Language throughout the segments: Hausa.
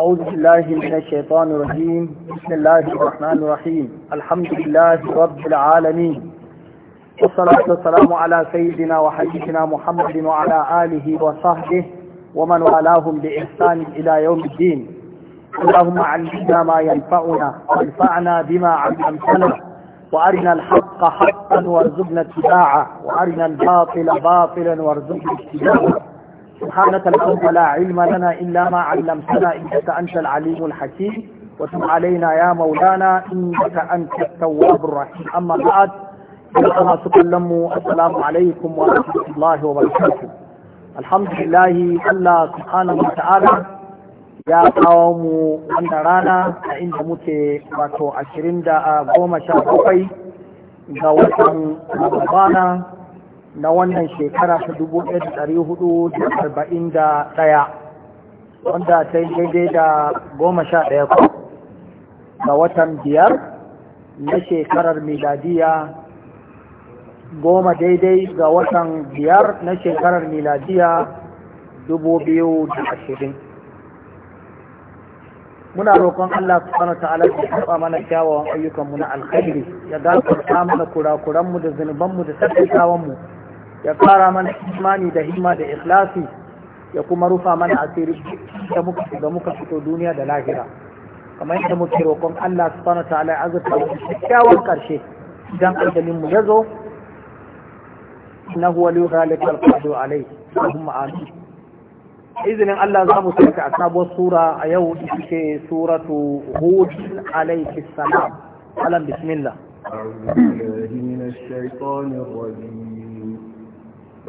أعوذ بالله من الشيطان الرجيم بسم الله الرحمن الرحيم الحمد لله رب العالمين والصلاة والسلام على سيدنا وحبيبنا محمد وعلى آله وصحبه ومن والاهم بإحسان إلى يوم الدين اللهم علمنا ما ينفعنا وانفعنا بما علمتنا وأرنا الحق حقا وارزقنا اتباعه وأرنا الباطل باطلا وارزقنا اجتنابه سبحانك اللهم لا علم لنا إلا ما علمتنا إنك أنت العليم الحكيم وتب علينا يا مولانا إنك أنت التواب الرحيم أما بعد فأنا تكلم السلام عليكم ورحمة الله وبركاته الحمد لله الله سبحانه وتعالى ya kawo mu wannan rana a inda muke wato ashirin da goma sha bakwai ga watan ramadana na wannan shekara ta 1441 wanda ta yi daidai da goma sha ɗaya ku ga watan biyar na shekarar miladiya goma daidai ga watan biyar na shekarar miladiya 2020 muna roƙon Allah subhanahu ta'ala ya karɓa mana kyawawan ayyukanmu na alkhairi ya gafarta mana kurakuranmu da zunubanmu da sassautawan mu ya kara mana imani da himma da ikhlasi ya kuma rufa mana asiri da muka da muka fito duniya da lahira kamar yadda muke roƙon Allah subhanahu ta'ala ya azurta mu kyakkyawan karshe idan ajalin mu yazo innahu waliyyu dhalika alqadiru alayhi allahumma amin izinin Allah za mu saka a sabuwar sura a yau ita suratu hud alayhi salam alam bismillah أعوذ بالله من الشيطان الرجيم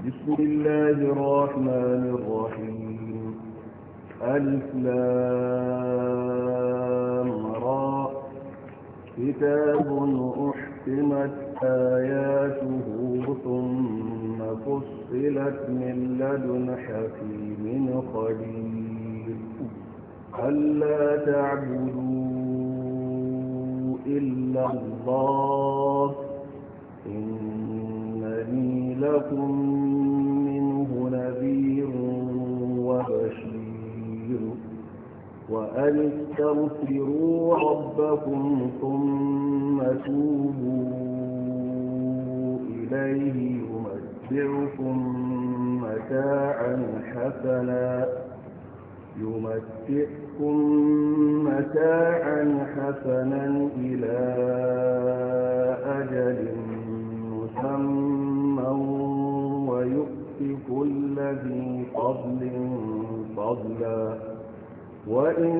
بسم الله الرحمن الرحيم ألف لام را كتاب أحكمت آياته ثم فصلت من لدن حكيم خبير ألا تعبدوا إلا الله إنني لكم منه نذير وبشير وأن استغفروا ربكم ثم توبوا إليه يمتعكم متاعا حسنا يمتعكم متاعا حسنا إلى أجل مسمى رحما ويؤتي كل ذي فضل فضلا وإن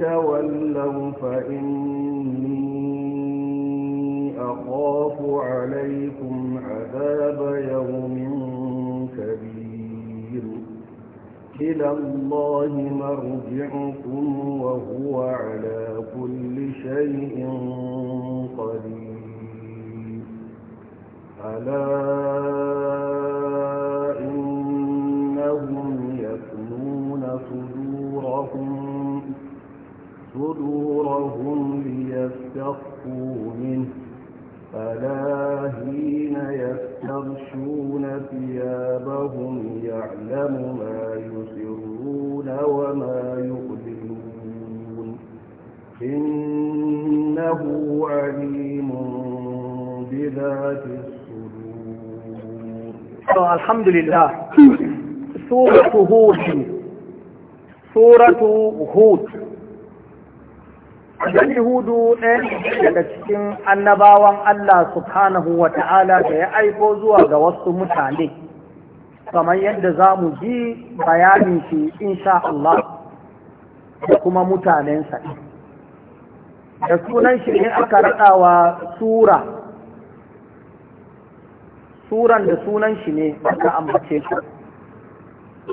تولوا فإني أخاف عليكم عذاب يوم كبير إلى الله مرجعكم وهو على كل شيء قدير ألا إنهم يثنون صدورهم صدورهم ليستخفوا منه ألا حين يستغشون ثيابهم يعلم ما يسرون وما يؤذنون إنه عليم بذات الحمد لله سورة هود سورة هود Annabi Hudu ɗaya daga cikin annabawan Allah subhanahu wa ta'ala da ya aiko zuwa ga wasu mutane, kamar yadda za mu ji bayanin shi insha Allah da kuma mutanensa. Da sunan shi ne aka raɗawa Sura suran da sunan shi ne ka ambace shi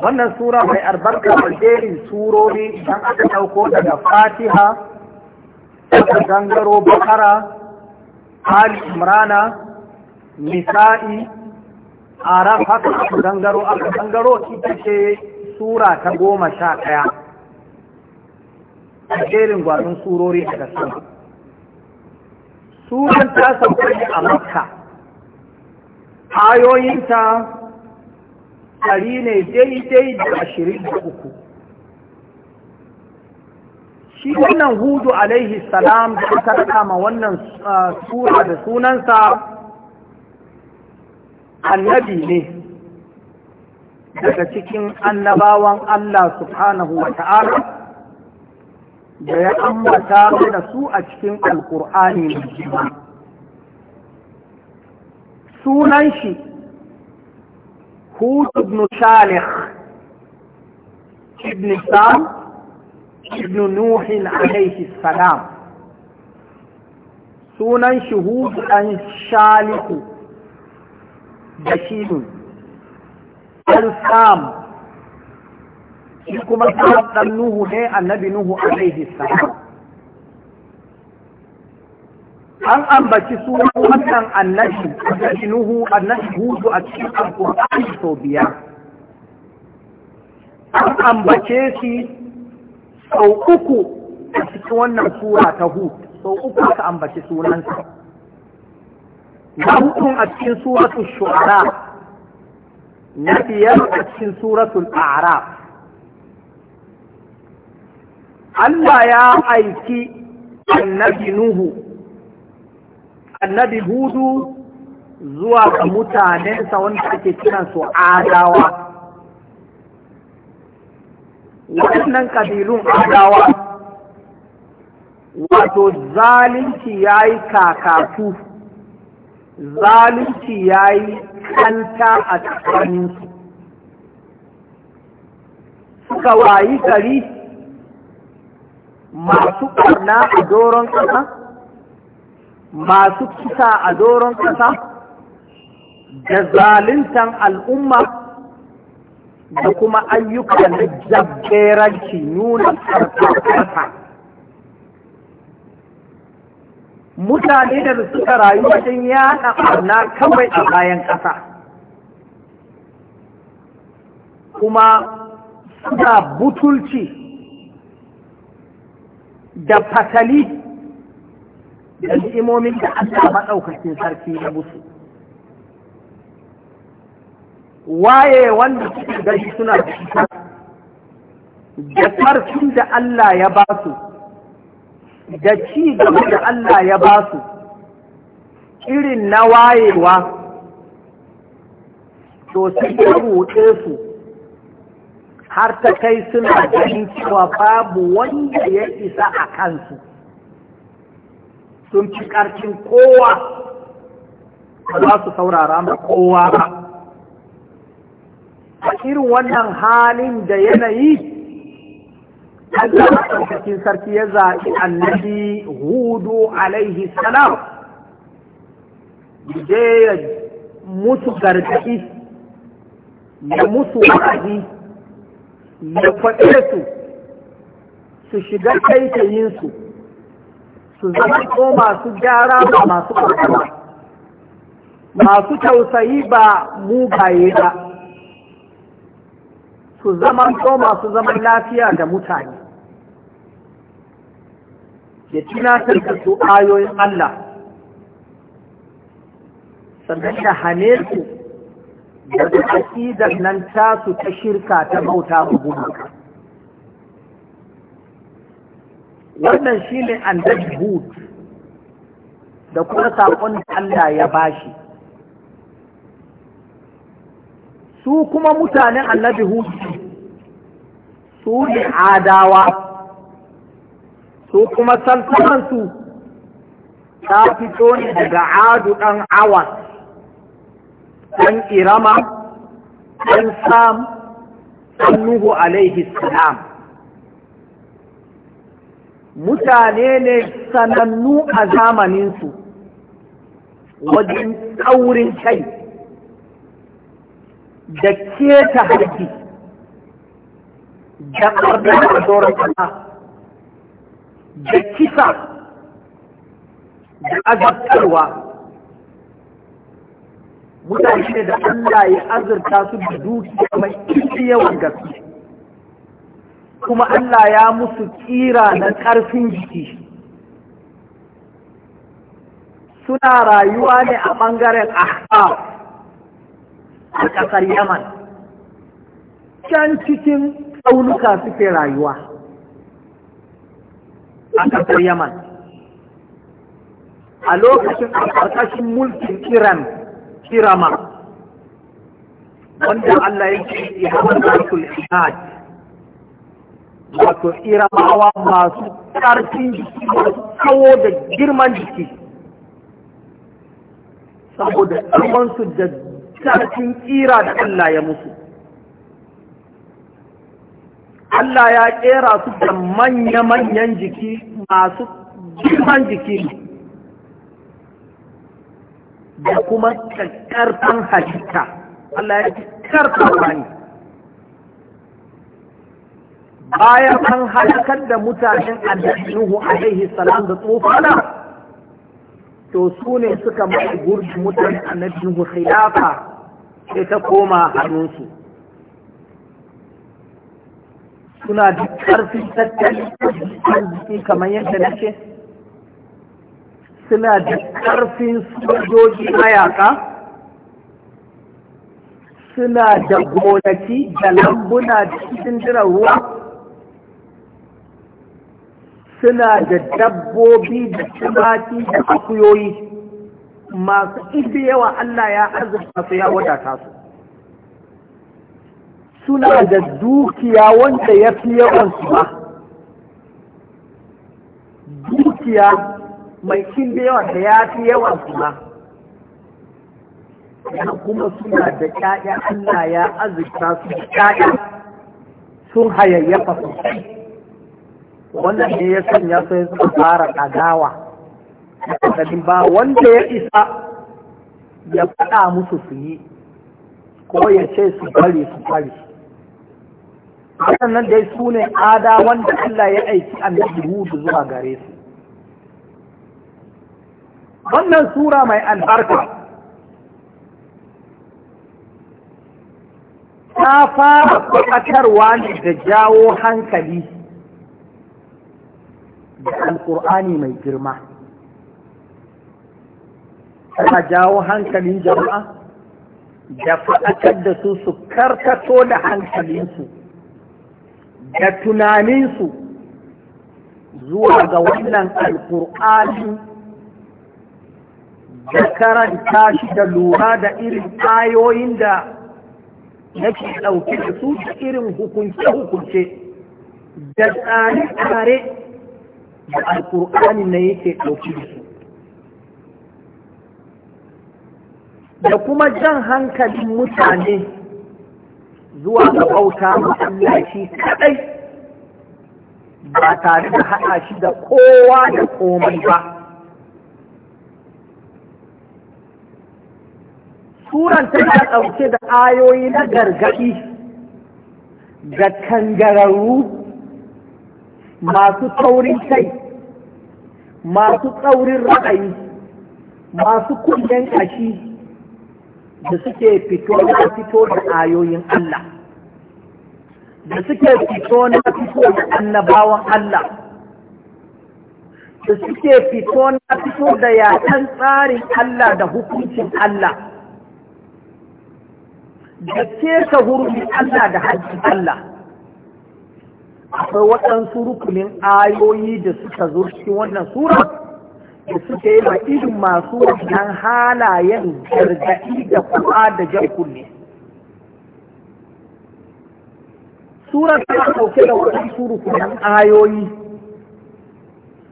wannan sura mai albarka da jerin surori don aka dauko daga fatiha aka gangaro bakara ali imrana nisa'i araf haka aka gangaro aka gangaro ita ce sura ta goma sha ɗaya a jerin gwanon surori daga sama suran ta sauka a makka ayoyinta ɗari ne daidai da ashirin da uku shi wannan hudu alaihi salam da aka raka ma wannan sura da sunansa annabi ne daga cikin annabawan Allah subhanahu wa ta'ala da ya ambata da su a cikin alkur'ani mai sunan shi hud ibn salih ibn sam ibn nuhin alaihi salam sunan shi hud an shalihu da shinun al-sam shi kuma sa dan nuhu ne annabi nuhu alaihi salam an ambaci suna wannan annashi da nuhu annashi hudu a cikin alkur'ani sau biyar an ambace shi sau uku a cikin wannan sura ta hu sau uku aka ambaci sunansa na hukun a cikin suratun shu'ara na biyar a cikin suratun a'raf Allah ya aiki annabi Nuhu annabi hudu zuwa ga mutanensa wanda ake kiransu adawa waɗannan ƙabilun adawa wato zalunci ya yi kakatu zalunci ya yi kanta a tsakaninsu suka wayi kari masu ƙarna a doron ƙasa masu kisa a doron ƙasa da zaluntan al'umma da kuma ayyuka na jabberanci nuna ƙarfafa mutane da suka rayu wajen yaɗa ɓarna kawai a bayan ƙasa kuma suna butulci da fatali da ni'imomin da Allah maɗaukakin sarki na musu waye wanda suke gari suna da ita da karfin da Allah ya ba su da ci gaba da Allah ya ba su irin na wayewa to sai ya roƙe su har ta kai suna ganin cewa babu wanda ya isa a kansu. sun fi ƙarfin kowa ba za su saurara ma kowa ba a irin wannan halin da yanayi Allah maɗaukakin sarki ya zaɓi annabi hudu alaihi salam je ya mutu gargaɗi ya mutu wa'azi ya faɗe su su shiga kaitayinsu su zama ko masu gyara ba masu Ba masu tausayi ba mugaye ba su zama ko masu zaman lafiya da mutane ya tunatar da su ayoyin Allah sannan da hane su daga su nan tasu ta shirka ta bauta mu gumaka wannan shi ne annabi da kuma saƙon da Allah ya bashi su kuma mutanen annabi hud su ne adawa su kuma salsalansu ta fito ne daga adu ɗan awas ɗan irama ɗan sam ɗan nuhu alaihi salam mutane ne sanannu a zamaninsu wajen ƙaurin kai da keta haifi da ƙarfin da doron kasa da kisa da azabtarwa mutane da Allah ya azurta su da dukiya mai yawan gaske kuma Allah ya musu tsira na ƙarfin jiki suna rayuwa ne a ɓangaren ahqaf a ƙasar yaman can cikin tsaunuka suke rayuwa a ƙasar yaman a lokacin a ƙarƙashin mulkin kiran kirama wanda Allah ya ce ya haɗa da wato iramawa masu ƙarfin jiki masu kawo da girman jiki saboda tsawonsu da ƙarfin ƙira da Allah ya musu Allah ya ƙera su da manya-manyan jiki masu girman jiki da kuma ƙarfin halitta Allah ya ƙarfafa ne bayan an halakar da mutanen a alaihi salam da tsofana to su ne suka mai gurbi mutanen annabihu khilafa sai ta koma hannunsu suna da ƙarfin tattalin jiki kamar yadda nake suna da ƙarfin sojoji mayaka suna da gonaki da lambuna da cikin ruwa suna da dabbobi da tumaki da akuyoyi masu ibi yawa Allah ya arzuta su ya wadata su suna da dukiya wanda ya fi yawan su ba dukiya mai da yawa da ya fi yawan su ba kuma suna da ƴaƴa Allah ya arzuta su da ƴaƴa sun hayayyafa sosai wannan ne ya sanya sai suka fara adawa kadin ba wanda ya isa ya faɗa musu su yi ko ya ce su bari su bari waɗannan dai su ne ada wanda Allah ya aiki annabi Hudu zuwa gare su wannan sura mai albarka ta fara kwatarwa ne da jawo hankali da alƙur'ani mai girma tana jawo hankalin jama'a da faɗakar da su su karkato da hankalinsu da tunaninsu zuwa ga wannan alƙur'ani da karanta shi da lura da irin ayoyin da yake ɗauke da su irin hukunce-hukunce da tsari tare da alƙur'anin na yake ɗauki da su da kuma jan hankalin mutane zuwa ga bauta shi kaɗai ba tare da haɗa shi da kowa da komai ba ta ta ɗauke da ayoyi na gargaɗi ga kangararru masu taurin kai masu tsaurin ra'ayi masu kunyen kashi da suke fito na fito da ayoyin Allah da suke fito na fito da annabawan Allah da suke fito na fito da yatan tsarin Allah da hukuncin Allah da ka hurumin Allah da hajji Allah akwai waɗansu rukunin ayoyi da suka zo cikin wannan sura da suka yi ma irin masu wannan halayen gargaɗi da kuma da jan kunne. Sura ta ɗauke da waɗansu rukunin ayoyi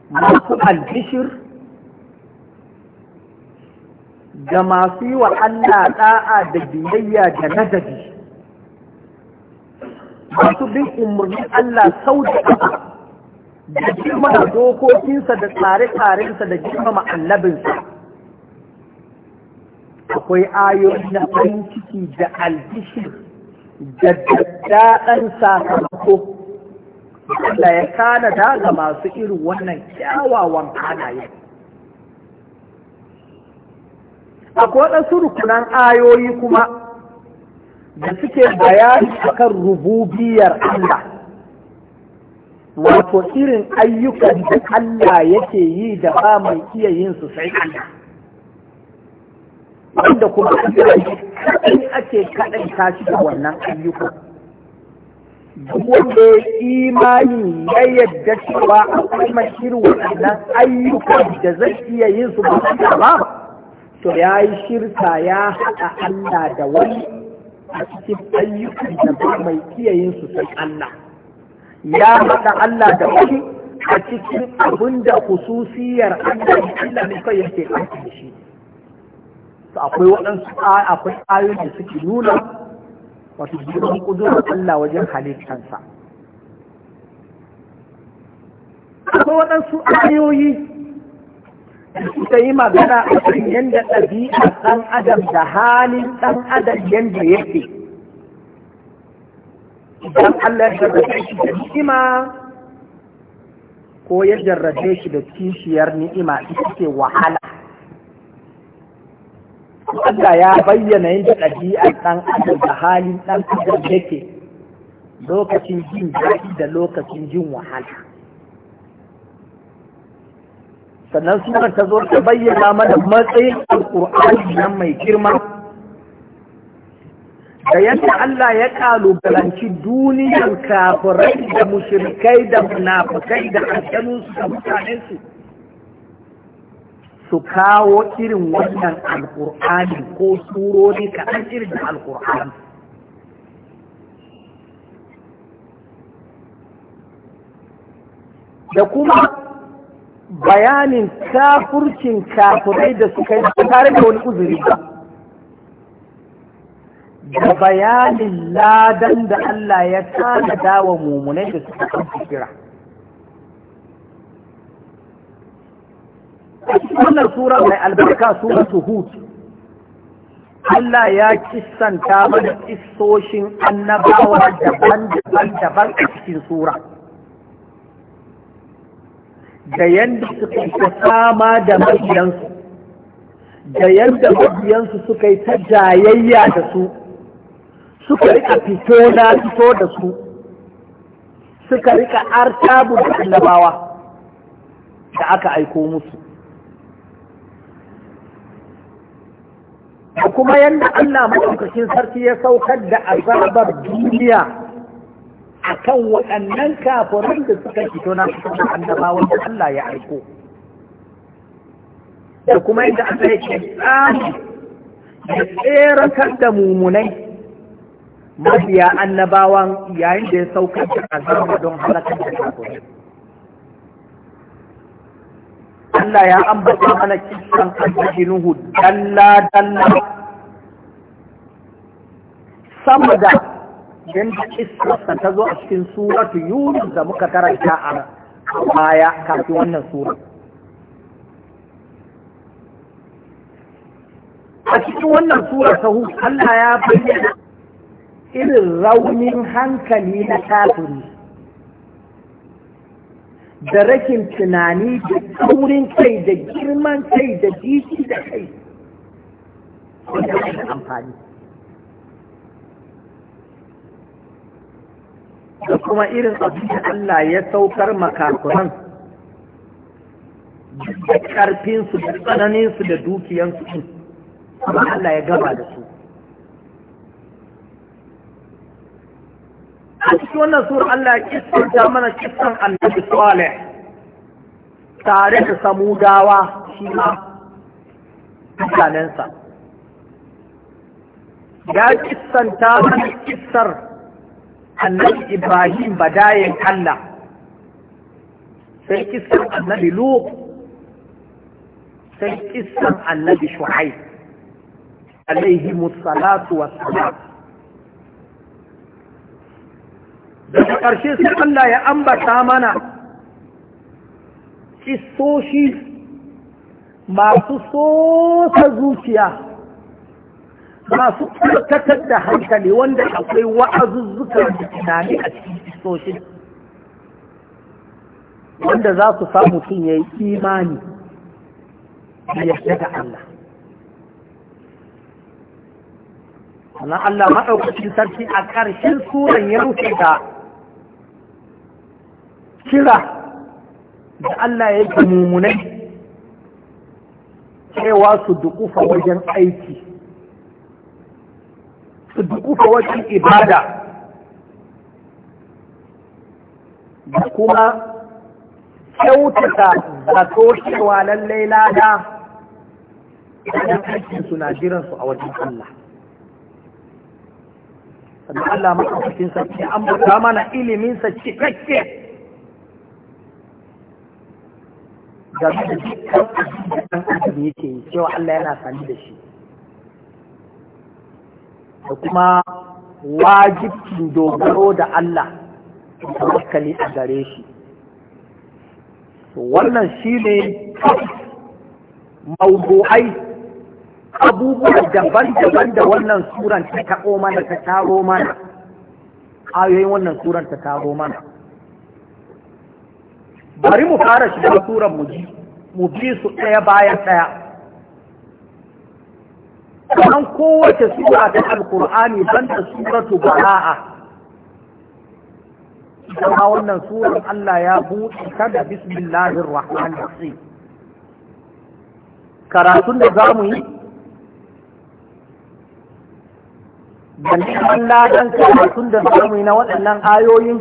masu albishir da masu yi wa Allah ɗa'a da biyayya da nazari. masu bin umarnin Allah sau da da da dokokinsa da tsare-tsarensa da girmama annabinsa akwai ayoyi na ɗan ciki da aljishin da daɗan sakamako da ya kana daga masu irin wannan kyawawan halaye akwai waɗansu rukunan ayoyi kuma da suke bayani akan rububiyar Allah wato irin ayyukan da Allah yake yi da ba mai iya yin su sai Allah wanda kuma kaɗai ake kaɗai tashi da wannan ayyukan duk wanda ya imani ya yadda cewa akwai mai irin waɗannan ayyukan da zai iya yin su ba to ya yi shirka ya haɗa Allah da wani a cikin ayyukan da ba mai kiyayin su sai Allah ya haɗa Allah da wani a cikin abin da hususiyar Allah ne ila ne kai yake aiki da shi akwai waɗansu akwai ayoyin da suke nuna wato girman kudurar Allah wajen halittansa akwai waɗansu ayoyi suka yi magana a kan yadda ɗabi'a ɗan adam da halin ɗan adam yadda yake idan Allah ya jarrabe shi da ni'ima ko ya jarrabe shi da kishiyar ni'ima ita ke wahala Allah ya bayyana yadda ɗabi'a ɗan adam da halin ɗan adam yake lokacin jin daɗi da lokacin jin wahala sannan suna ta zo ta bayyana mana matsayin alƙur'ani na mai girma da yadda Allah ya kalubalanci duniyar kafirai da mushrikai da munafikai da su da mutanensu su kawo irin wannan alƙur'ani ko surori kaɗan irin da alƙur'ani da kuma bayanin kafurcin kafurai da suka yi tare da wani uzuri ba da bayanin ladan da Allah ya tanada wa mummunai da suka kan kira wannan sura mai albarka sura hud Allah ya kissanta mana kisoshin annabawa daban-daban a cikin sura. da yadda suka yi ta sama da mabiyansu da yadda mabiyansu suka yi ta jayayya da su suka rika fito na fito da su suka rika artabu da annabawa da aka aiko musu da kuma yadda Allah maɗaukakin sarki ya saukar da azabar duniya a kan waɗannan kafirin da suka fito na cikin annabawan da Allah ya aiko da kuma yadda yi ke tsamu da tseratar da mumunai mabiya annabawan yayin da ya sauka da azaba don halakar da kafirin Allah ya ambata mana kisan annabi Nuhu dalla dalla sama da da iskarsa ta zo a cikin suratu yunus da muka karanta a baya kafin wannan sura a cikin wannan sura ta Allah ya bayyana irin raunin hankali na kafiri da rakin tunani da saurin kai da girman kai da jiki da kai wanda amfani da kuma irin abin Allah ya saukar makakuran da ƙarfinsu da tsananinsu da dukiyansu su amma Allah ya gaba da su a cikin wannan sura Allah ya kissanta mana kissan annabi Saleh tare da samudawa shi ma mutanensa ya kissanta mana kissar annabi ibrahim badayen allah sai kisan annabi lut sai kisan annabi shu'aib alaihi musallatu wassalam daga ƙarshe sai allah ya ambata mana kisoshi masu sosa zuciya masu tsarkakar da hankali wanda akwai wa'azuzzuka da tunani a cikin istoshin wanda za su sa mutum ya yi imani da da Allah sannan Allah maɗaukacin sarki a ƙarshen suran ya rufe da kira da Allah ya yi mummunai cewa su duƙufa wajen aiki su dukufa wajen ibada da kuma kyautata zato cewa lallai lada idan aikin su na jiransu a wajen Allah. Sannan Allah matsakashin sarki an buta mana iliminsa cikakke game da dukkan abin da yake yi cewa Allah yana sani da shi. da kuma wajibcin dogaro da Allah da makali a gare shi wannan shi ne mawuzo'ai abubuwa daban-daban da wannan suran ta taɓo mana ta taro mana ayoyin wannan suran ta taro mana bari mu fara shiga suran mu ji mu bi su ɗaya bayan ɗaya kan kowace sura ta alkur'ani banda suratu bara'a kuma wannan suran Allah ya buɗe ta da bismillahir rahmanir rahim karatun da za mu yi da neman ladan karatun da za mu yi na waɗannan ayoyin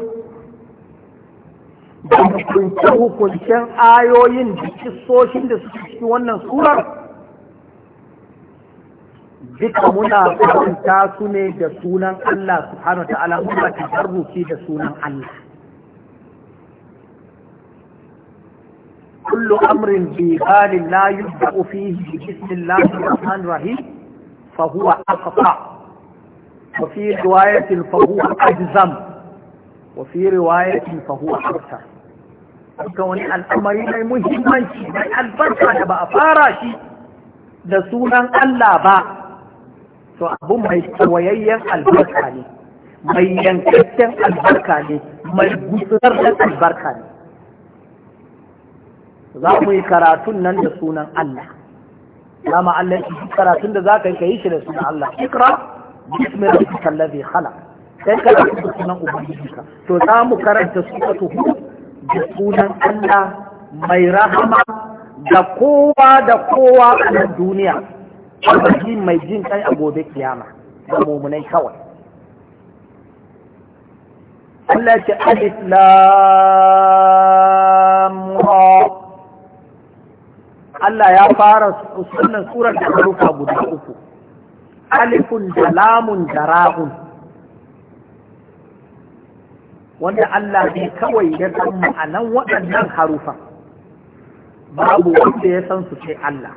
da hukunce-hukuncen ayoyin da kissoshin da suke cikin wannan surar duka muna kwanta su ne da sunan Allah subhanahu ta'ala muna tasarrufi da sunan Allah kullu amrin bi halin la yubda'u fihi bismillahir rahmanir rahim fa huwa aqta wa fi riwayatin fa huwa ajzam wa fi riwayatin fa huwa akthar kan wani al'amari mai muhimmanci mai albarka da ba a fara shi da sunan Allah ba to abu mai tsawayayyen albarka ne mai yankakken albarka ne mai gusurar da albarka ne za mu yi karatun nan da sunan Allah dama Allah ya karatun da za ka yi ka yi shi da sunan Allah ikra bismi rabbika allazi khalaq sai ka yi da sunan ubangijinka to za mu karanta suratu hud da sunan Allah mai rahama da kowa da kowa a nan duniya ji mai jin kai a gobe kiyama ga mumunai kawai Allah ce alif lam ra Allah ya fara sunan surar da haruka guda uku alifun da lamun da ra'un wanda Allah ne kawai ya san ma'anan waɗannan harufa babu wanda ya san su ce Allah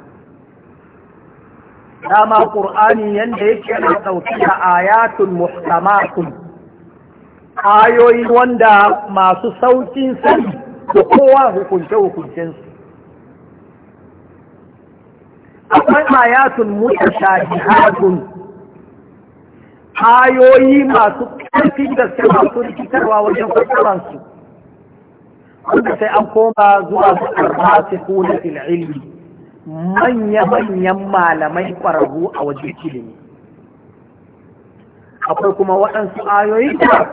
dama ƙur'ani yadda yake yana ɗauki da ayatun muhtamatun ayoyi wanda masu saukin sani da kowa hukunce-hukuncensu akwai ayatun mutu mutashabihatun ayoyi masu ƙarfin gaske masu rikitarwa wajen kwakwaransu wanda sai an koma zuwa su arba su kuna fil manya-manyan malamai ƙwararru a wajen ilimi akwai kuma waɗansu ayoyi da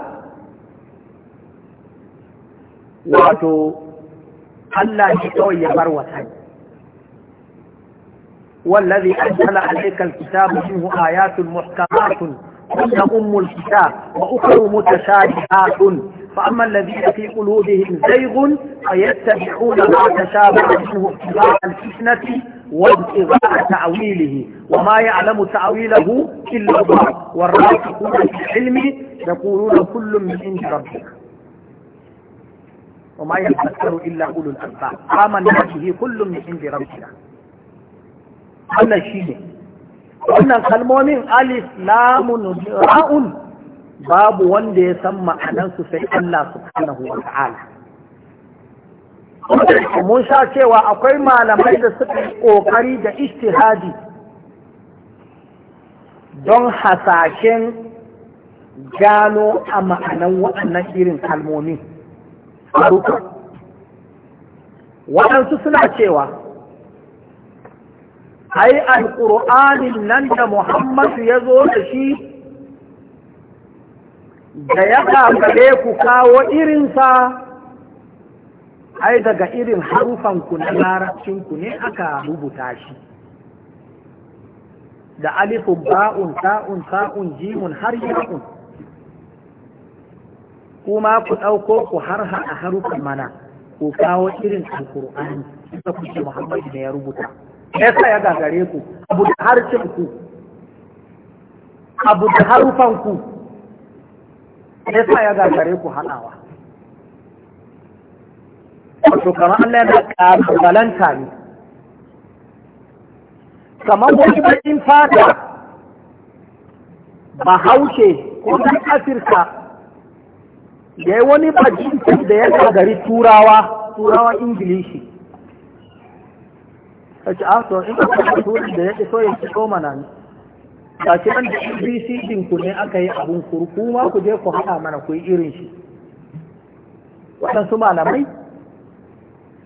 wato Allah shi kawai ya bar wata wallazi anzala alayka alkitaba minhu ayatun muhkamatun kunna ummul kitab wa ukhra mutashabihatun فأما الذين في قلوبهم زيغ فيتبعون ما تشابه منه ابتغاء الفتنة وابتغاء تعويله وما يعلم تعويله إلا الله والراسخون في العلم يقولون كل من عند ربك وما يتذكر إلا أولو الألباب آمنا به كل من عند ربك قال shi ne wannan ألف لام راء babu wanda ya san ma'anansu sai Allah subhanahu wa ta'ala mun sha cewa akwai malamai da suka yi ƙoƙari da istihadi don hasashen gano a ma'anan waɗannan irin kalmomi waɗansu suna cewa ai alƙur'anin nan da muhammadu ya zo da shi da ya kakale ku kawo irinsa ai daga irin harufanku na larabcinku ne aka rubuta shi da alifun ba'un ta'un ta'un jimun har ya'un kuma ku ɗauko ku har a harufan mana ku kawo irin alkur'ani da kuke muhammadu ne ya rubuta yasa ya gagare ku abu da harcin ku abu da harufanku ya sa ya gagare ku haɗawa wato kamar Allah yana ƙalubalanta ne kamar wani bakin fata ba haushe ko ɗan afirka da ya wani bakin da ya gagari turawa turawa ingilishi ta ce a ah, in ka kuma turi da ya ke so ya fito mana ne ba shi da abc din ku ne aka yi abun ma ku je ku haɗa mana ku yi irin shi waɗansu malamai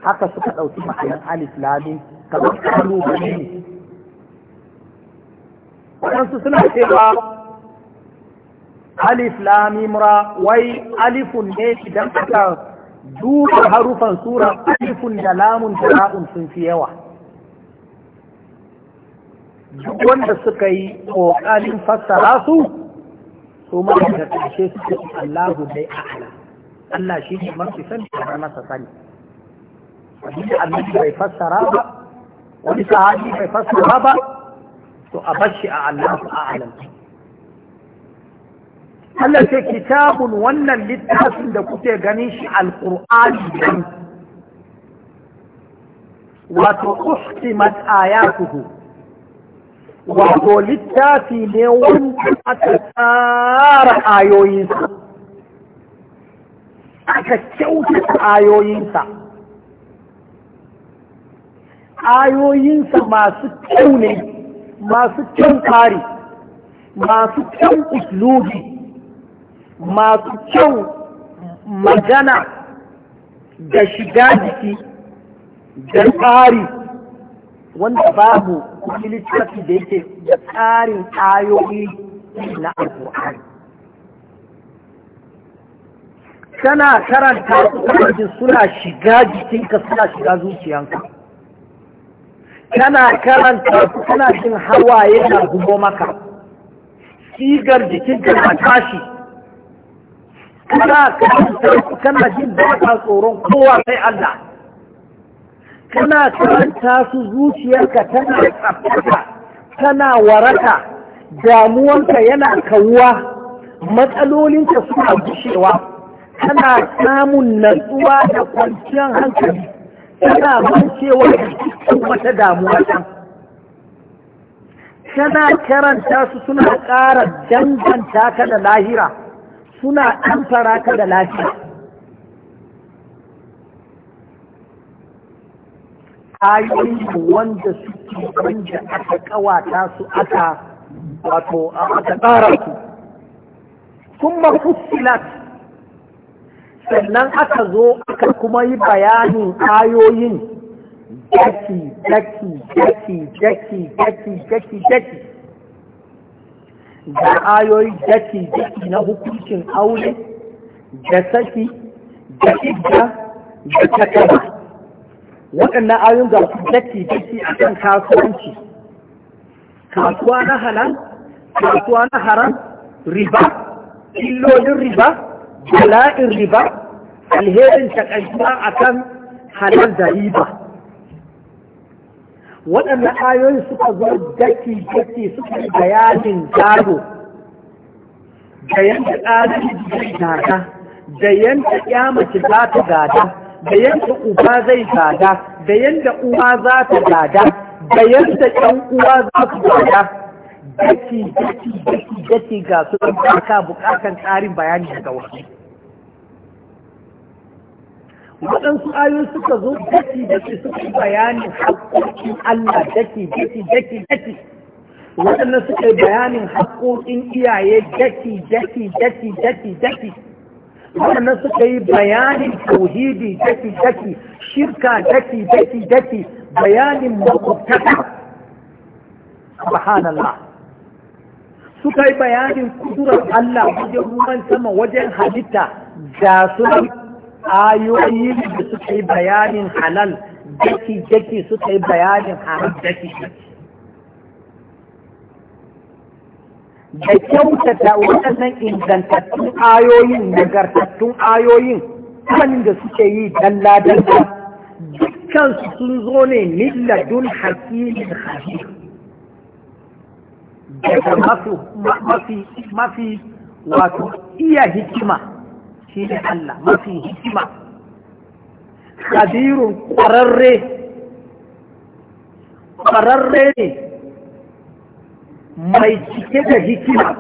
haka suka ɗauki ma'anar alif lami kamar ba ne waɗansu suna cewa alif Lami mura wai alifun ne idan aka duba harufan sura alifun da lamun da ra'un sun fi yawa duk wanda suka yi ƙoƙarin fassara su su ma da ƙarshe suke Allahu dai ala Allah shi ne mafi sani da masa sani da annabi bai fassara ba wani sahabi bai fassara ba to a bashi a Allahu a'lam Allah ce kitabun wannan littafin da kuke ganin shi alqur'ani ne. wato uhkimat ayatuhu wato littafi ne wanda aka tsara ayoyinsa aka kyauta ayoyinsa ayoyinsa masu kyau ne masu kyan kari masu kyan uslubi masu kyan magana da shiga jiki da tsari wanda babu wani littafi da yake da tsarin ayoyi na alƙur'ani kana karanta su suna shiga jikinka suna shiga zuciyanka kana karanta kana jin hawaye na zubo maka sigar jikinka na tashi kana karanta su kana jin ba tsoron kowa sai Allah kana karanta su zuciyarka tana tsafta tana waraka damuwanka yana kawuwa matsalolinka suna gushewa tana samun natsuwa da kwanciyar hankali tana mancewa da cikin wata damuwa can kana karanta su suna ƙara danganta ka da lahira suna ɗan ka da lahira ayoyi wanda suke wanda aka kawata su aka wato aka tsara su kuma fusilat sannan aka zo aka kuma yi bayanin ayoyin daki daki daki daki daki daki daki da ayoyi daki daki na hukuncin aure da saki da idda da takaba waɗannan ayoyin ga su daki daki a kan kasuwanci kasuwa na halal kasuwa na haram riba illolin riba bala'in riba alherin takaituwa a kan halal da riba waɗannan ayoyin suka zo daki daki suka yi bayanin gado da yanda ƙarin da yanda ƙyamaci za ta gada da yanda uba zai gada da yanda uwa za ta gada da yanda ɗan uwa za su gada daki daki daki daki ga su ɗan baka bukatan ƙarin bayani daga wani waɗansu ayoyi suka zo daki daki suka yi bayanin haƙƙoƙin Allah daki daki daki daki waɗannan suka yi bayanin haƙƙoƙin iyaye daki daki daki daki daki wannan suka yi bayanin tauhidi daki daki shirka daki daki daki bayanin makwabtaka subhanallah suka yi bayanin kudurar Allah wajen ruwan sama wajen halitta da sunan ayoyi da suka yi bayanin halal daki daki suka yi bayanin haram daki daki da kyautata waɗannan ingantattun ayoyin nagartattun ayoyin kanin da suke yi dalla-dalla su sun zo ne milladun hakimin hakim daga mafi mafi wato iya hikima shi ne Allah mafi hikima kabirun ƙwararre ƙwararre ne mai cike da hikima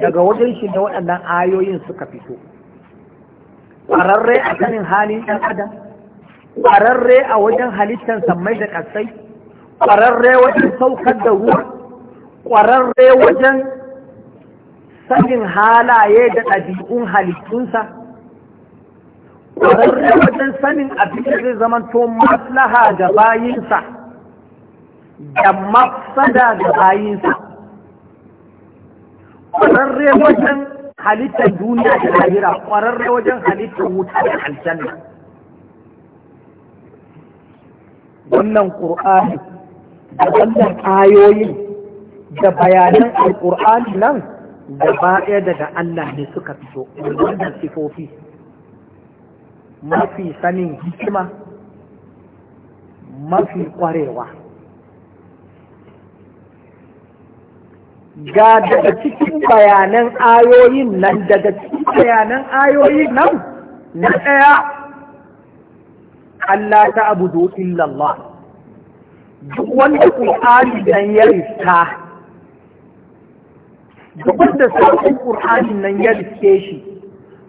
daga wajen shi da waɗannan ayoyin suka fito ƙwararre a kanin halin ɗan adam ƙwararre a wajen halittar samai da ƙasai ƙwararre wajen saukar da ruwa ƙwararre wajen sanin halaye da ɗabi'un halittunsa ƙwararre wajen sanin abin da zai zama to maslaha ga bayinsa da mafsada da bayinsa ƙwararre wajen halittar duniya da lahira ƙwararre wajen halittar wuta da aljanna wannan ƙur'ani da wannan ayoyi da bayanan alƙur'ani nan da baya daga Allah ne suka fito wannan sifofi mafi sanin hikima mafi ƙwarewa ga daga cikin bayanan ayoyin nan daga cikin bayanan ayoyin nan na ɗaya Allah ta dokin illallah duk wanda ƙur'ani nan ya rista, duk wanda sauƙin ƙur'ani nan ya riske shi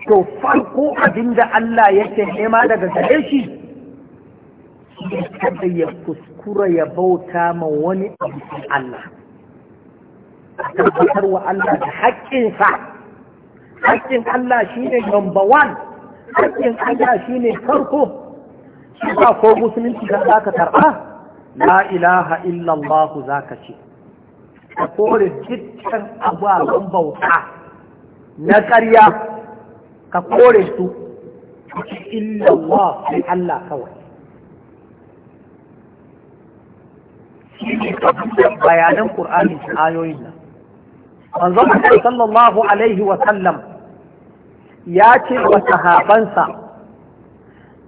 to farko abin da Allah yake nema daga gare shi kada ya kuskura ya bauta ma wani abu Allah tabbatar wa Allah da haƙƙinsa haƙƙin Allah ne number one haƙƙin Allah ne farko shi ba ko musulunci da za ka karɓa la ilaha illallahu za ka ce ka kore dukkan ababen bauta na ƙarya ka kore su illallah sai Allah kawai shi ne bayanan ƙur'ani ayoyin nan manzon sallallahu alaihi wa sallam ya ce wa sahabansa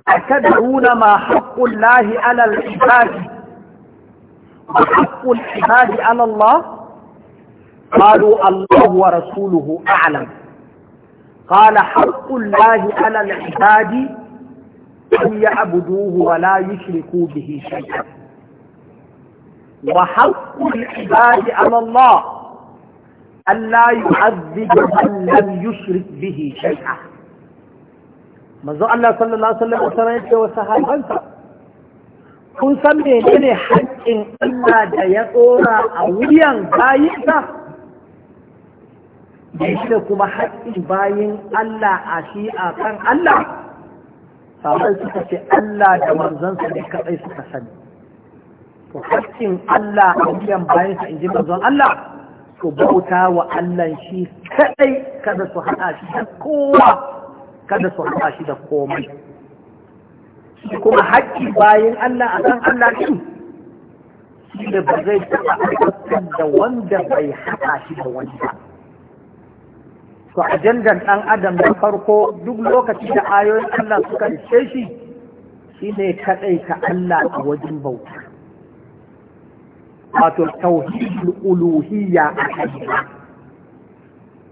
atadruna ma haqqul lahi ala al-ibad wa haqqul ibad ala Allah قالوا الله ورسوله أعلم قال حق الله على العباد أن يعبدوه ولا يشركوا به شيئا وحق العباد على الله Allah yu'azzibu man lam yushrik bihi shay'a manzo Allah sallallahu alaihi wasallam ya ce wa sahabansa kun san menene haƙƙin Allah da ya tsora a wuyan bayinsa da shi da kuma haƙƙin bayin Allah a shi a kan Allah sabai suka ce Allah da manzansa ne kaɗai suka sani to haƙƙin Allah a wuyan bayinsa in ji manzon Allah To bauta wa Allah shi kadai kada su haɗa shi da kowa kada su haɗa shi da komai kuma haƙƙi bayan Allah a kan Allah ɗin shi ne ba zai taɓa aikatar da wanda bai haɗa shi da wanda to ajandan ɗan adam da farko duk lokaci da ayoyin Allah suka ishe shi shi ne kaɗai ka Allah a wajen bauta wato tauhidul uluhiyya a hadisa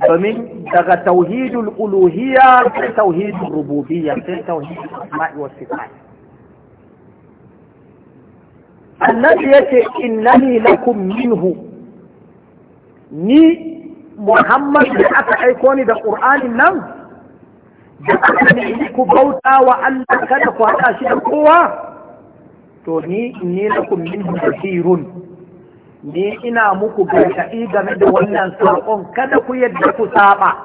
domin daga tauhidul uluhiyya sai tauhidul rububiyya sai tauhidul asma'i wa sifat annabi yace innani lakum minhu ni Muhammad da aka aiko ni da Qur'anin nan da aka ne ku bauta wa Allah kada ku haɗa shi da kowa to ni inni lakum minhu basirun ni ina muku gargaɗi game da wannan saƙon kada ku yadda ku saba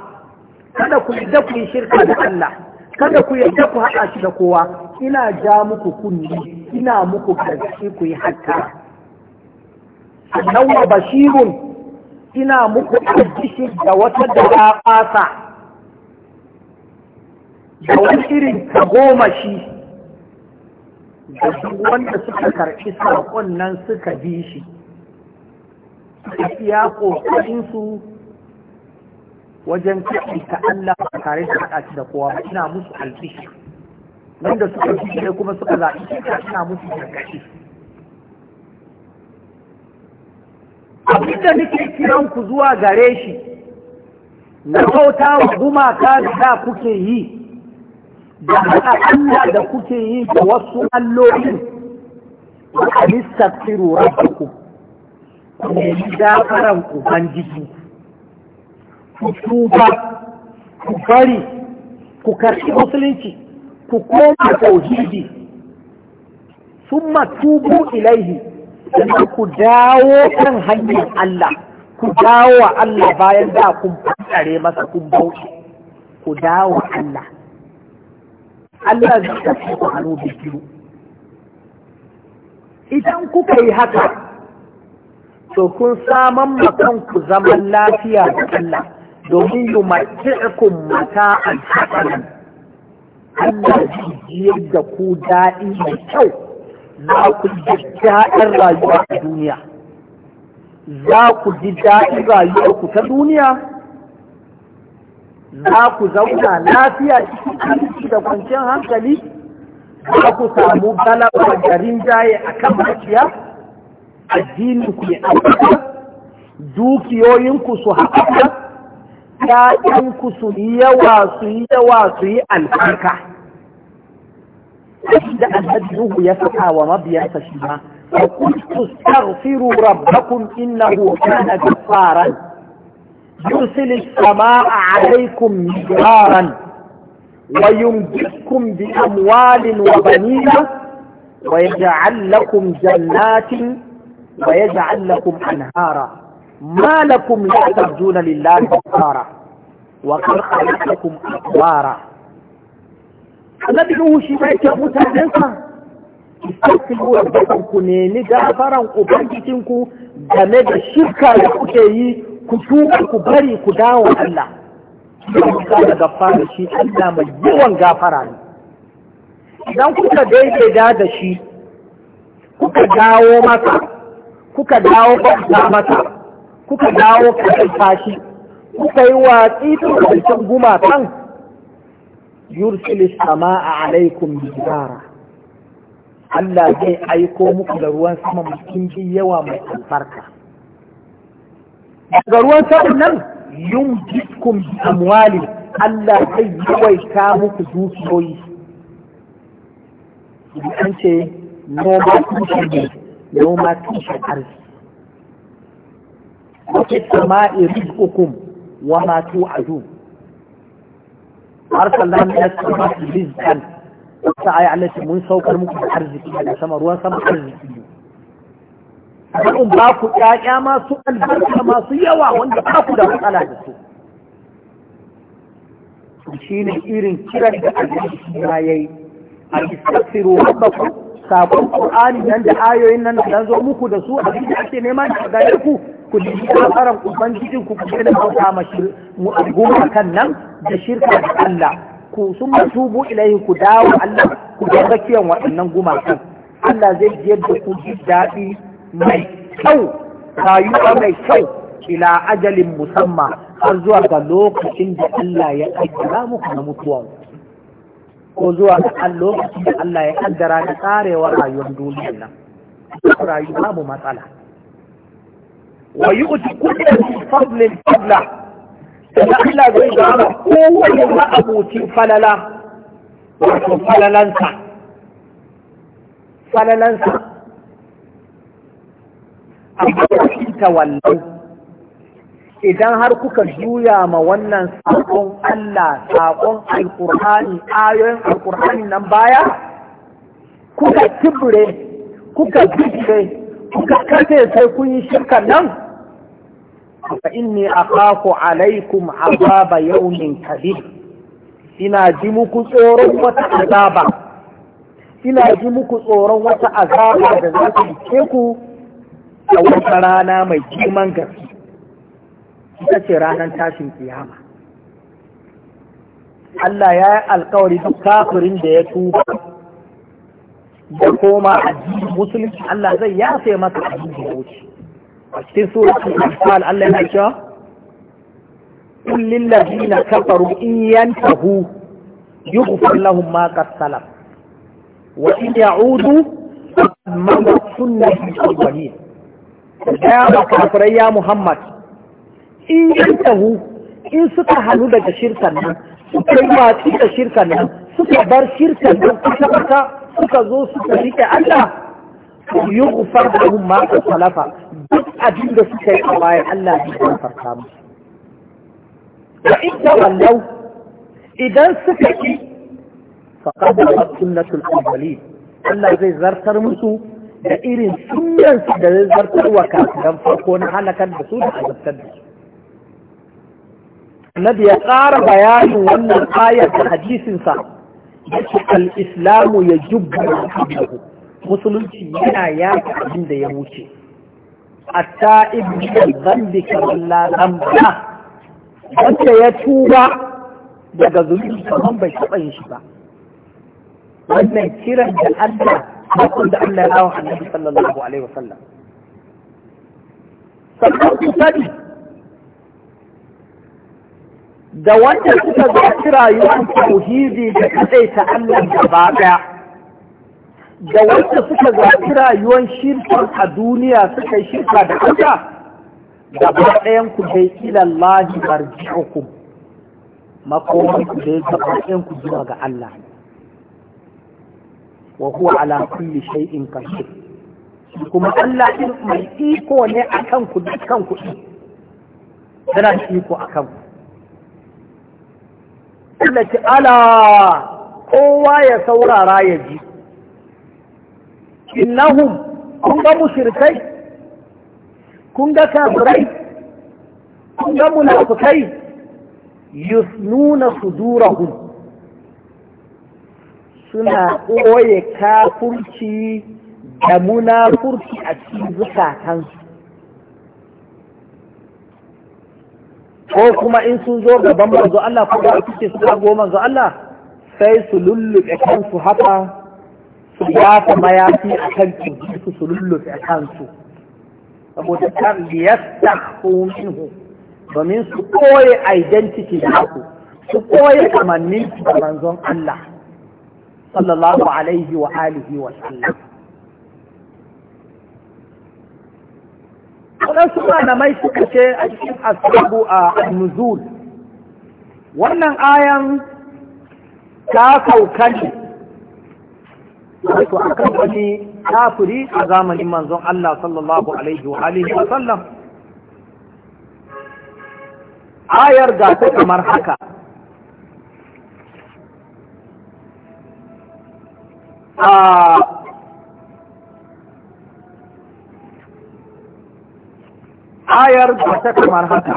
kada ku yadda ku yi shirka da Allah kada ku yadda ku haɗa shi da kowa ina ja muku kunni ina muku gargaɗi ku yi hatta wa bashirun ina muku ajishi da wata da ya fasa da wani irin tagomashi da duk wanda suka karɓi saƙon nan suka bi shi a iya su wajen ta Allah ba tare da haɗa da kowa ba ina musu alfishi wanda suka fi kuma suka zaɓi ina musu gargaɗi abinda nake kiran ku zuwa gare shi na bauta wa gumaka da kuke yi da haɗa Allah da kuke yi da wasu allolin wa alistaghfiru rabbakum ku nemi gafaran ubangiji ku tuba ku bari ku karshi musulunci ku koma tauhidi summa tubu ilaihi sannan ku dawo kan hanyar Allah ku dawo wa Allah bayan da kun fassare masa kun bauchi ku dawo Allah Allah zai tafi ku hannu biyu idan kuka yi haka to kun saman kanku zaman lafiya da Allah domin yi kun mata a tsakanin Allah zai jiyar da ku daɗi mai kyau za ku ji daɗin rayuwa a duniya za ku ji daɗin rayuwa ku ta duniya za ku zauna lafiya cikin da kwanciyar hankali za ku samu galaba da jaye a kan maciya addinin ku ya ɗaukaka dukiyoyinku su haɓaka ‘ya'yanku su yi yawa su yi yawa su yi albarka da alhaji Nuhu ya saka wa mabiyarsa shi ma فقلت استغفروا ربكم إنه كان غفارا يرسل السماء عليكم مدرارا ويمدكم بأموال وبنين ويجعل لكم جنات ويجعل لكم أنهارا ما لكم لا ترجون لله أبصارا وقد خلقكم أطوارا annabi Nuhu shi ma yake mutanensa istaghfiru rabbakum ku nemi gafaran ubangijin game da shirka da kuke yi ku tuba ku bari ku dawo Allah ku kana gafara shi Allah mai yawan gafara ne idan kuka daidaita da shi kuka dawo maka. kuka dawo kwanta mata, kuka dawo kwanta shi kuka yi watsi guma kan gumakan yursil sama'a alaikum bijara Allah zai aiko muku da ruwan sama mutum bi yawa mai albarka daga ruwan sama nan yun jikkum bi amwali Allah zai ka muku dukiyoyi an ce noma tushe ne noma tushen arziki wace sama'i hukum wa ma Har arsalna min as-sama'i rizqan ta ayi allati mun saukar muku da arziki daga sama ruwan sama arziki ne kun ba ku ƴaƴa masu albarka masu yawa wanda ba ku da matsala da su Shi ne irin kiran da Allah ya yi a istaghfiru rabbakum sabon Qur'ani nan da ayoyin nan da zo muku da su a cikin ake neman da gare ku ku ji tsaron ubangijin ku ku da bauta mashi mu kan nan da shirka da Allah ku sun matubu ilaihi ku dawo Allah ku ga bakiyan waɗannan gumakan Allah zai je da ku ji daɗi mai kyau rayuwa mai kyau ila ajalin musamma har zuwa ga lokacin da Allah ya kaddara muku na mutuwa ko zuwa ga allo Allah ya kaddara da tsarewa rayuwar duniyar nan rayu babu matsala wa yu'ti kullu fadlin fadla dan Allah zai ga kowanne ma'abucin falala wato falalansa falalansa amma ta wallau idan har kuka juya ma wannan saƙon Allah saƙon alƙur'ani ayoyin alƙur'ani nan baya kuka tibire kuka bijire kuka kace sai kun yi shirkan nan fa inni akhafu alaikum azaba yawmin kabir ina ji muku tsoron wata azaba ina ji muku tsoron wata azaba da za ku ku a wata rana mai kiman gaske ita ce ranar tashin kiyama Allah ya yi alkawari duk kafirin da ya tuba da koma addini musulunci Allah zai yafe masa addini da wuce a cikin suratul anfal Allah yana cewa kul lil ladina kafaru in yantahu yughfar lahum ma qad salam wa in ya'udu man sunnati al wani. ya kafirai ya Muhammad in tahu, in suka hannu daga shirkan nan suka yi watsi da shirkan nan suka bar shirkan nan kusa kusa suka zo suka rike Allah yi kufar da hun ma a salafa duk abin da suka yi a bayan Allah ya gafarta musu wa in tawallau idan suka ki faqad sunnatul awwalin Allah zai zartar musu da irin sunnansu da zai zartar wa kafiran farko na halakar da su da azabtar da su annabi ya ƙara bayanin wannan ayar da hadisinsa yake al al'islamu ya jubba abu musulunci yana yaki abin da ya wuce a hatta ibn zambi kamar la zamba wanda ya tuba daga zunubi kamar bai taɓa yin shi ba wannan kiran da Allah hakun da Allah ya rawa annabi sallallahu alaihi wasallam sannan ku sani da wanda suka zaci rayuwar tauhidi da ta Allah gaba ɗaya da wanda suka zaci rayuwar shirka a duniya suka shirka da da ba ɗayan ku dai ilallahi marji'ukum makomar ku dai gaba ɗayan ku zuwa ga Allah wa huwa ala kulli shay'in qadir kuma Allah din mai iko ne akan ku dukkan ku yana iko akan ku Allah ki ala kowa ya saurara ya ji innahum kun ga mushrikai kun ga kafirai kun ga su yusnuna sudurahum suna ɓoye kafurci da munafurci a cikin zukatansu ko kuma in sun zo gaban manzo Allah ko da kike suka go manzo Allah sai su lulluɓe kansu haka su yafa mayafi a kan su su lulluɓe kansu saboda kar liyastahfu minhu domin su koye identity da ku su koye kamannin manzon Allah sallallahu alaihi wa alihi wa sallam waɗansu malamai suka ce a cikin asbabu a nuzul wannan ayan ta sauka ne wato akan wani kafiri a zamanin manzon Allah sallallahu alaihi wa alihi wa sallam ayar ga ta kamar haka a ayar da ta kamar haka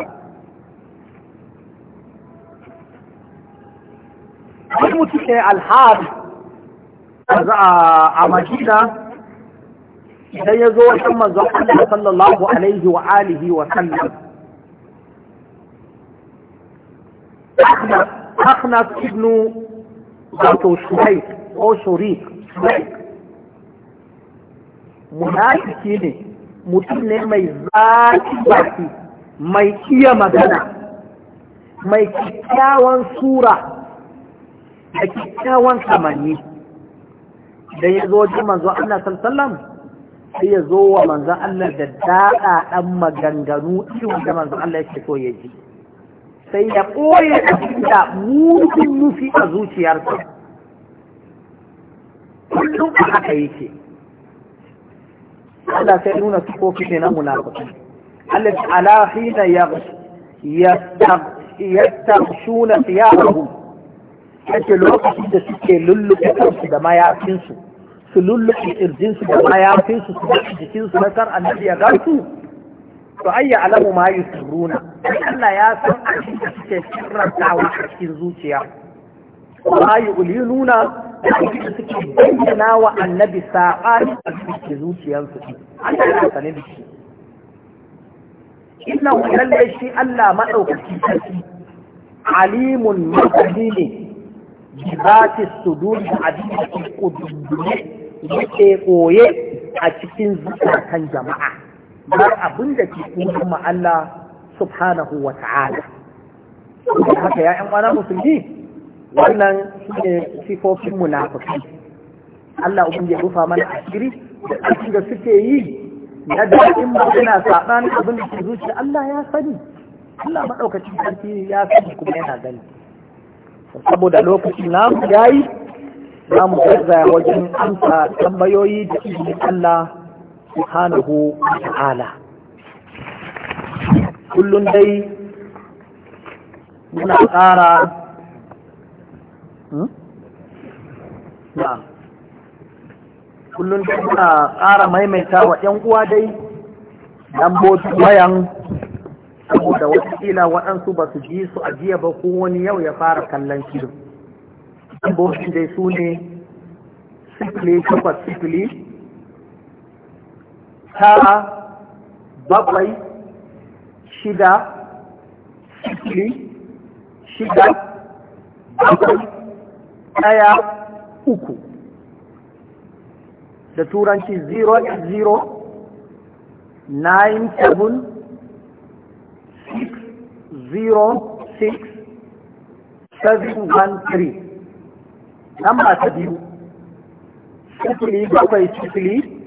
wani mutum ne alhad a majina idan ya zo wajen manzon Allah sallallahu alaihi wa alihi wa sallam Akhnas ibn wato Shuhaik ko Shurik Shuhaik munafiki ne mutum ne mai zaki baki mai iya magana mai kyakkyawan sura da kyakkyawan kamanni da ya zo ji manzo Allah sallallahu sai ya zo wa manzo Allah da daɗa ɗan maganganu ciwon da manzo Allah yake so ya ji sai ya ɓoye a da mutum nufi a zuciyarsa kullum a haka yake Allah sai nuna sukofi ne na munafiki Allah ala hina yastaghshuna thiyabahum yake lokacin da suke lulluɓe kansu da mayafinsu su lulluɓe ƙirjinsu da mayafinsu su daɗe jikinsu na kar annabi ya gansu to ayya alamu ma yi suruna Allah ya san abin da suke sirrantawa a cikin zuciya ma yi ulinuna da suke bayyana wa annabi saɓani a cikin zuciyarsu Allah ya sane da shi inna lallai shi Allah maɗaukaki sarki alimun masani ne bi su sudur da abin da ke kudundune yake koye a cikin zukatan jama'a har abin da ke kuma Allah subhanahu wa ta'ala haka ya ƴan ƙwana musulmi wannan ne sifofin munafikai Allah ubun ya rufa mana asiri da aikin da suke yi na daɗin magana saɓan abin da ke zuciya Allah ya sani Allah maɗaukacin sarki ya sani kuma yana gani saboda lokacin namu ya yi za mu garzaya wajen amsa tambayoyi da izinin Allah subhanahu wa ta'ala kullum dai muna ƙara kullum da muna ƙara maimaita wa ‘yan uwa dai lambobin wayan saboda watakila waɗansu ba su ji su ajiya ba ko wani yau ya fara kallon shirin lambobin dai su ne sifili takwas sifili tara bakwai shida sifili shida bakwai ɗaya uku da turanci 080 97 606 ta biyu sifili bakwai sifili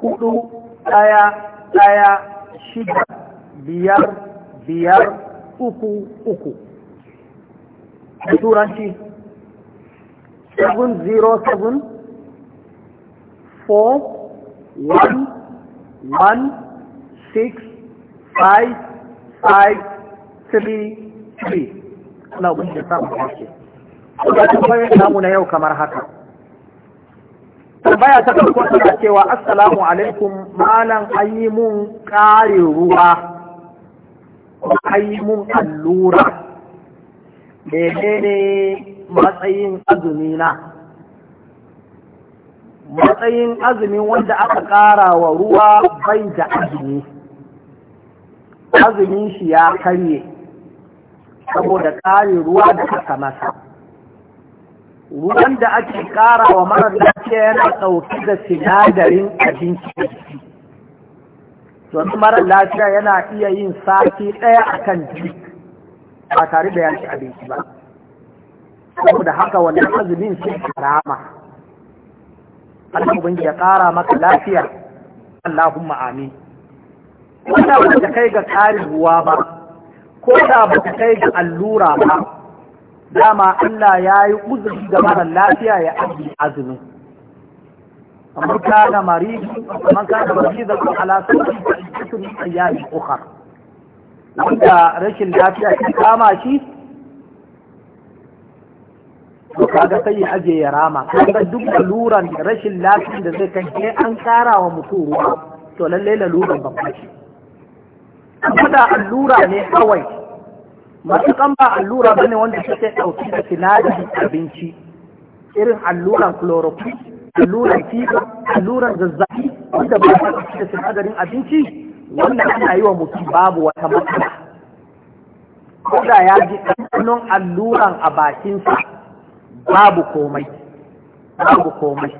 hudu ɗaya ɗaya shida biyar biyar uku uku da turanci seven zero seven four one one six five five three three Allah ubin da samu yake kuma tambayar namu na yau kamar haka tambaya ta farko tana cewa assalamu alaikum malam an yi mun ƙarin ruwa an yi mun allura menene matsayin azumi na matsayin azumi wanda aka ƙara wa ruwa bai da azumi azumin shi ya karye saboda ƙarin ruwa da aka masa ruwan da ake ƙara wa marar lafiya yana ɗauki da sinadarin abinci domin marar lafiya yana iya yin sati ɗaya akan jiki ba tare da ya ci abinci ba saboda haka wannan azumin sai karama Allah ubangi ya ƙara maka lafiya Allahumma amin da ba ta kai ga tsarin ruwa ba ko da ba ta kai ga allura ba dama Allah ya yi uzuri ga mara lafiya ya aji azumin kamar kana maridu kamar kana maridu ala sabbi ta ikitun ayyami ukhra wanda rashin lafiya ke kama shi to kaga sai ya aje ya rama kaga duk laluran rashin lafiya da zai kai an kara wa mutum ruwa to lalle laluran babba ce da allura ne kawai matukan ba allura ba ne wanda take ɗauki da sinadarin abinci irin alluran chloroquine alluran fever alluran zazzabi wanda ba ta da sinadarin abinci wannan ana yi wa mutum babu wata matsala ko da ya ji ɗanɗanon alluran a bakinsa babu komai babu komai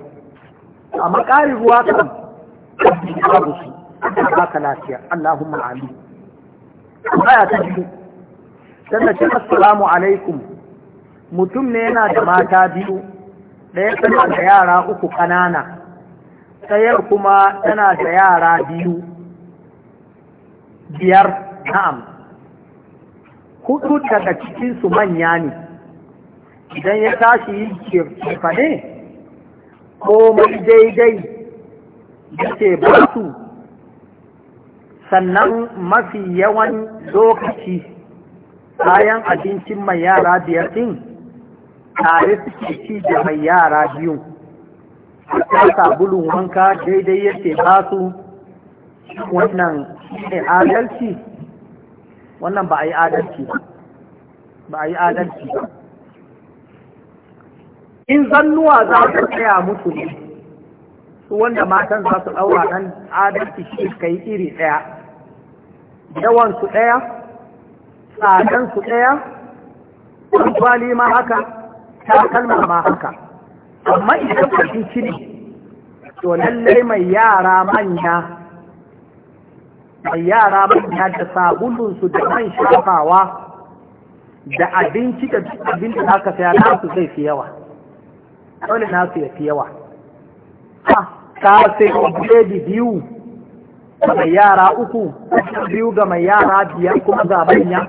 A ƙarin ruwa kan babu su Allah baka lafiya Allahumma amin baya ta jiki sannan ce assalamu alaikum mutum ne yana da mata biyu ɗaya tana da yara uku ƙanana ɗayar kuma tana da yara biyu biyar na'am hudu daga cikinsu manya ne idan ya tashi yi kefane komai daidai ke ba su sannan mafi yawan lokaci kayan abincin mai yara biyar din tare suke ci da mai yara biyu ta sabulun wanka daidai yake ba su wannan ne adalci wannan ba a yi adalci ba a yi adalci ba in zannuwa za su tsaya mutu ne su wanda matan za su ɗaura ɗan adalci shi ka yi iri ɗaya yawansu ɗaya tsadansu ɗaya kwali ma haka takalma ma haka amma idan ka fi to lallai mai yara manya mai yara ya da sabulunsu da man shafawa da abinci da abinci da aka saya nasu zai fi yawa dole nasu ya fi yawa ha ka sai biredi biyu ga mai yara uku biyu ga mai yara biyar kuma zaɓen ya?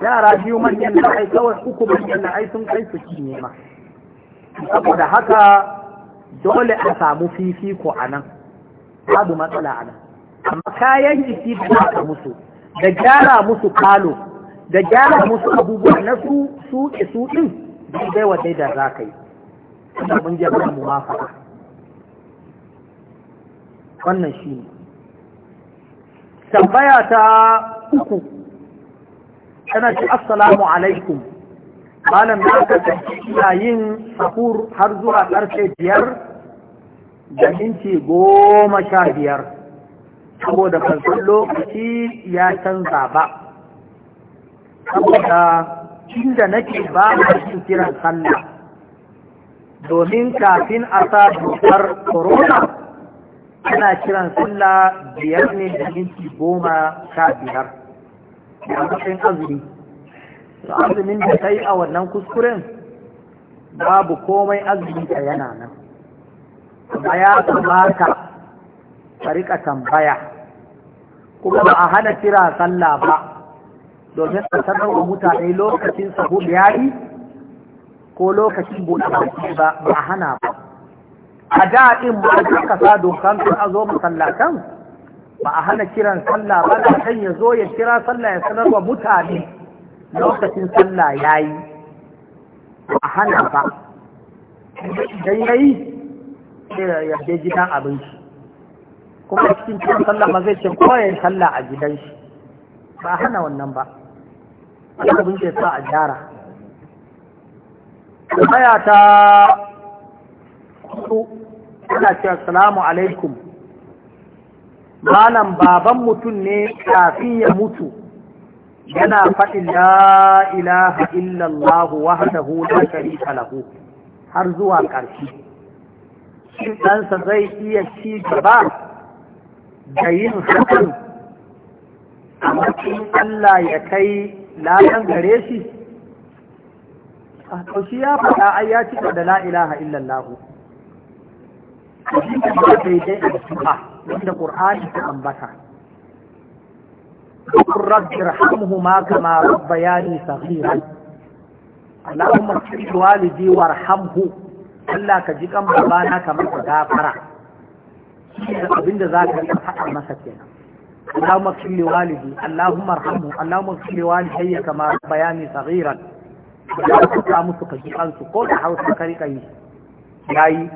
yara biyu manyan na ai kawai uku manyan na ai sun kai su ci ne ma saboda haka dole a samu fifiko a nan babu matsala a nan amma kayan jiki da aka musu da gyara musu kalo da gyara musu abubuwa na su ke su ɗin daidai wa da za ka yi mun je mun faɗa. wannan shi ne tambaya ta uku tana ci, assalamu alaikum malam na ka ina yin sahur har zuwa ƙarfe biyar da minti goma sha biyar saboda kansan lokaci ya canza ba saboda inda nake ba a kiran sallah domin kafin a sa dokar korona, ana kiran sallah biyar ne da minti goma sha biyar a matsayin azumi da azumin da ta yi a wannan kuskuren babu komai azumi ta yana nan ba ya kamata ka tambaya kuma ba a hana kira sallah ba domin a sanar wa mutane lokacin sahur ya yi ko lokacin buɗe ba ba a hana ba a da ba a ka sa dokan sun a zo masallatan ba a hana kiran sallah ba da kan ya zo ya kira sallah ya sanar wa mutane lokacin sallah ya yi ba a hana ba idan ya yi sai ya yarda gidan abinci kuma cikin cikin sallah ma zai ce koya sallah a gidan shi ba hana wannan ba wanda bin sa a gyara tambaya ta hudu ana ce assalamu alaikum malam baban mutum ne kafin ya mutu yana faɗin la ilaha illallahu wahdahu la sharika lahu har zuwa ƙarshe shin ɗansa zai iya ci gaba da yin hakan a matsayin Allah ya kai ladan gare shi a shi ya faɗa ai ya cika da la ilaha illallah shi ne ba daidai a su'a wanda ƙur'ani ta ambata Kun rabbi rahamuhuma kama rabbayani saghiran Allahumma sirri walidi warhamhu Allah ka ji kan babana kamar ka gafara abinda za ka faɗa masa kenan اللهم اغفر لوالدي Allahumma ارحمه اللهم اغفر لوالدي كما بياني صغيرا ya musu kashi kansu ko da hausa ka rika yi yayi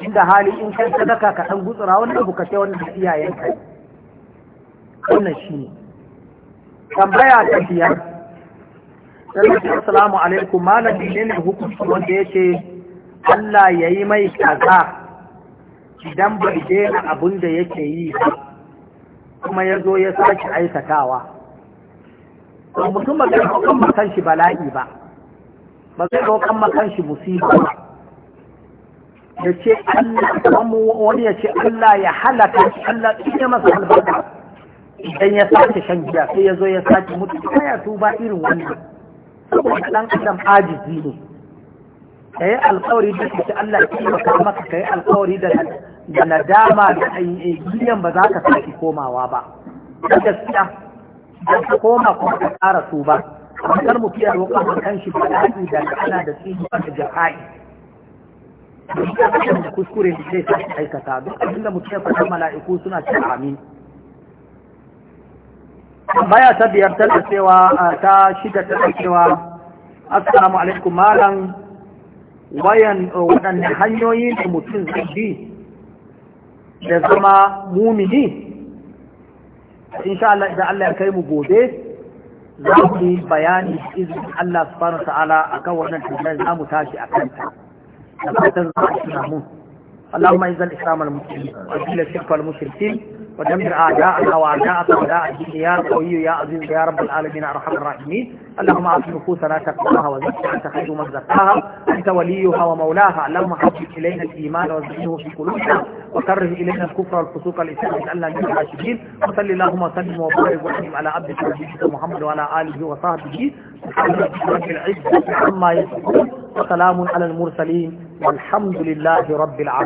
inda hali in kai sadaka ka san gutsura wani abu ka ce wani da iyayen kai wannan shine tambaya ta biyar sallallahu assalamu alaikum malam ne hukunci wanda yace Allah yayi mai kaza idan bai daina abin da yake yi kuma ya zo ya sake aikatawa to mutum ba zai roƙon makan shi bala'i ba ba zai roƙon makan shi musiba ba ya ce Allah wani ya ce Allah ya halaka shi Allah ya masa albarka idan ya sake shan giya sai ya zo ya sake mutu kuma ya tuba irin wannan saboda dan adam ajizi ne ka yi alkawari da shi Allah ya taimaka maka ka yi alkawari da da nadama da ainihin ba za ka sake komawa ba da gaskiya da ka koma kuma ka tsara su ba kamar mu fiye roƙa da kan shi bala'i da la'ana da tsibi da jahai da kuskure da zai sake aikata duk abin da mutum ya faɗa mala'iku suna ce amin baya ta biyar tana cewa ta shiga tana cewa assalamu alaikum malam wayan waɗanne hanyoyin da mutum zai bi da zama mumini insha Allah idan Allah ya kai mu gobe za mu yi bayani izinin Allah subhanahu wa ta'ala akan wannan tambayar za mu tashi a kan ta, da fatan za a tuna mu اللهم اعز الاسلام والمسلمين واذل الشرك والمشركين ودمر أعداءنا وأعداءك وأعداء الدين يا قوي يا عزيز يا رب العالمين أرحم الراحمين اللهم أعط نفوسنا تقواها وزكها أنت خير من زكاها أنت وليها ومولاها اللهم حبب إلينا الإيمان وزينه في قلوبنا وكره إلينا الكفر والفسوق والإسلام اجعلنا من الراشدين وصل اللهم وسلم وبارك وسلم على عبدك ونبيك محمد وعلى آله وصحبه رب العزة عما يصفون وسلام على المرسلين والحمد لله رب العالمين